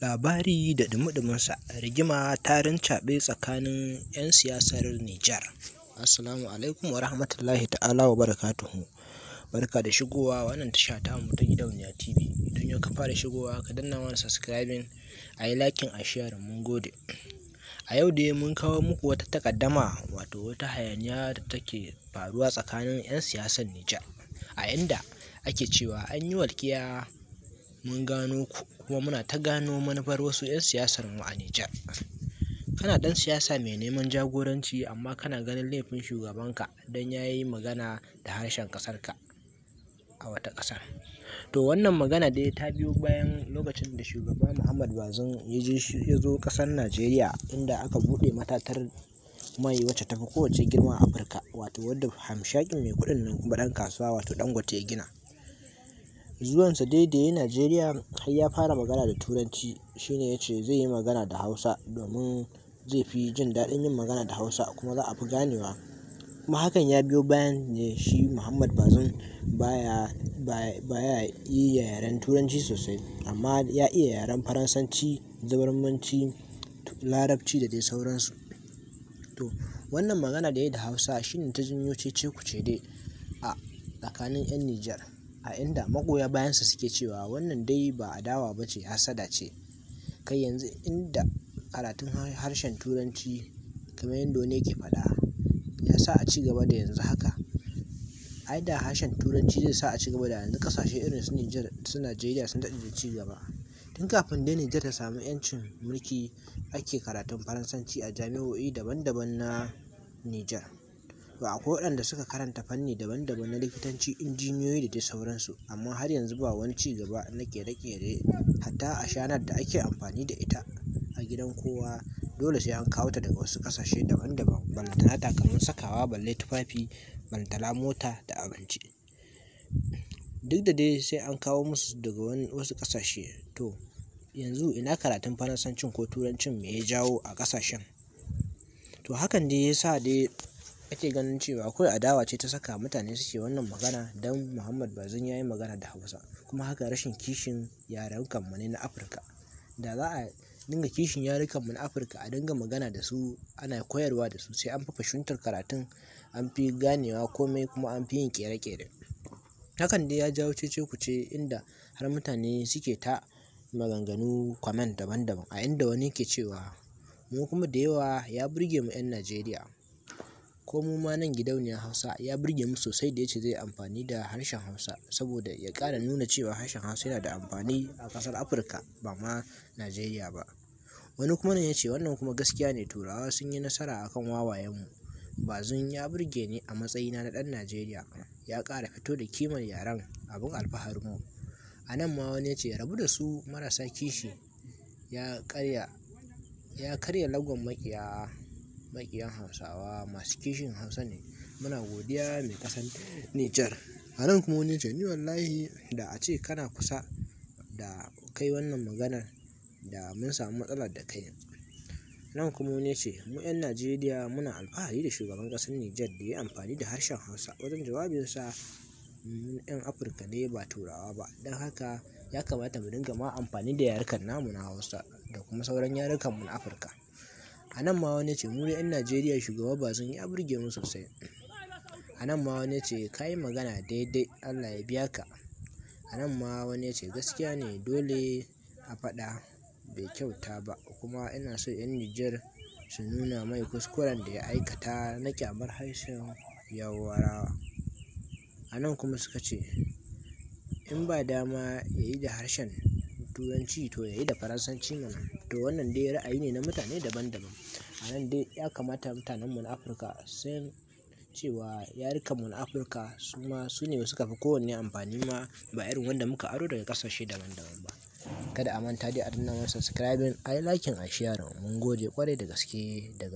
labari da dumudumunsa rigima tarin caɓe tsakanin 'yan siyasar Nijar. Assalamu alaikum wa rahmatullahi ta'ala wa barakatuhu. Barka da shigowa wannan tasha ta mu ta gidan gidauniya TV. Idan yau ka fara shigowa ka danna mana subscribing a yi lakin a sharing mun gode. A yau dai mun kawo muku wata takaddama wato wata hayaniya da take faruwa tsakanin 'yan siyasar Nijar a inda ake cewa an yi walƙiya mun gano ku kuma muna ta gano manufar wasu 'yan siyasar mu a Nijar. Kana ɗan siyasa mai neman jagoranci amma kana ganin laifin shugabanka don ya yi magana da harshen ƙasarka a wata ƙasar. To wannan magana dai ta biyo bayan lokacin da shugaba Muhammad Bazum ya zo ƙasar Najeriya inda aka buɗe matatar mai wacce tafi kowace girma a Afirka wato wadda hamshakin mai kuɗin nan kuma ɗan kasuwa wato Dangote ya gina. zuwansa dai da ya Najeriya har ya fara magana da Turanci shine ya ce zai yi magana da Hausa domin zai fi jin daɗin yin magana da Hausa kuma za a fi ganewa. Kuma hakan ya biyo bayan ne shi Muhammad bazin baya, baya, yi yaren Turanci sosai amma ya iya yaren Faransanci, Zabarmanci, Larabci da dai sauransu. To wannan magana da ya yi da Hausa shine ta janyo cece kuce dai a tsakanin 'yan Nijar. a inda magoya bayansa suke cewa wannan dai ba adawa ba ce hasada ce kai yanzu inda karatun harshen turanci kamar yadda wani yake faɗa ya sa a ci gaba da yanzu haka ai da harshen turanci zai sa a ci gaba da yanzu kasashe irin su Nijar su Najeriya sun daɗe da ci gaba tun kafin dai Nijar ta samu yancin mulki ake karatun faransanci a jami'o'i daban-daban na Nijar To akwai waɗanda suka karanta fanni daban daban na likitanci, injiniyoyi da dai sauransu amma har yanzu ba wani ci gaba na ƙere-ƙere hatta a shanar da ake amfani da ita a gidan kowa dole sai an kawo ta daga wasu ƙasashe daban daban. na takalmin sakawa, balle tufafi, ballantana mota da abinci. Duk da dai sai an kawo musu daga wasu ƙasashe. To yanzu ina karatun Faransancin ko Turancin me ya jawo a ƙasashen? To hakan dai ya sa dai. ake ganin cewa akwai adawa ce ta saka mutane suke wannan magana don muhammad bazin ya yi magana da hausa kuma haka rashin kishin kanmu ne na afirka da za a dinga kishin kanmu na afirka a dinga magana da su ana koyarwa da su sai an fi fashuntar karatun an fi ganewa komai kuma an fi yin kere-kere hakan dai ya jawo cece kuce inda har mutane suke ta maganganu kwamen daban-daban a inda wani ke cewa mu kuma da yawa ya burge mu 'yan najeriya ko mu ma nan gidauniyar Hausa ya burge mu sosai da ya ce zai amfani da harshen Hausa saboda ya ƙara nuna cewa harshen Hausa yana da amfani a ƙasar Afirka ba ma Najeriya ba. Wani kuma nan ya ce wannan kuma gaskiya ne Turawa sun yi nasara a kan wawayenmu. zun ya burge ni a matsayina na ɗan Najeriya, ya ƙara fito da kimar yaren abin alfaharinmu. A nan ma wani ya ce rabu da su marasa kishi ya karya, ya karya lagon makiya maƙiyan Hausawa masu kishin Hausa ne. Muna godiya mai ƙasan Nijar. A nan kuma wani ce ni wallahi da a ce kana kusa da kai wannan maganar da mun samu matsala da kai. Nan kuma wani ce mu 'yan Najeriya muna alfahari da shugaban ƙasar Nijar da ya yi amfani da harshen Hausa wajen jawabinsa. Mu 'yan Afirka ne ba Turawa ba. Don haka ya kamata mu dinga ma amfani da yarukan namu na Hausa da kuma sauran yarukan mu na Afirka. A nan ma wani ce muri 'yan Najeriya shugaba ba sun yi burge mu sosai. A nan ma wani ce ka yi magana daidai Allah ya biya ka. A nan ma wani ce gaskiya ne dole a faɗa bai kyauta ba kuma ina so 'yan Nijar su nuna mai kuskuren da ya aikata na ƙyamar harshen yawarawa. A nan kuma suka ce in ba dama ya yi da harshen Turanci to ya yi da Faransanci mana. wato wannan dai ra'ayi ne na mutane daban-daban a nan dai ya kamata mutanen na afirka san cewa mu na afirka su ma su ne suka fi kowanne amfani ma ba irin wanda muka aro daga kasashe daban-daban ba kada a manta dai a danna subscribing a yi liking a sharing mun gode kwarai da gaske daga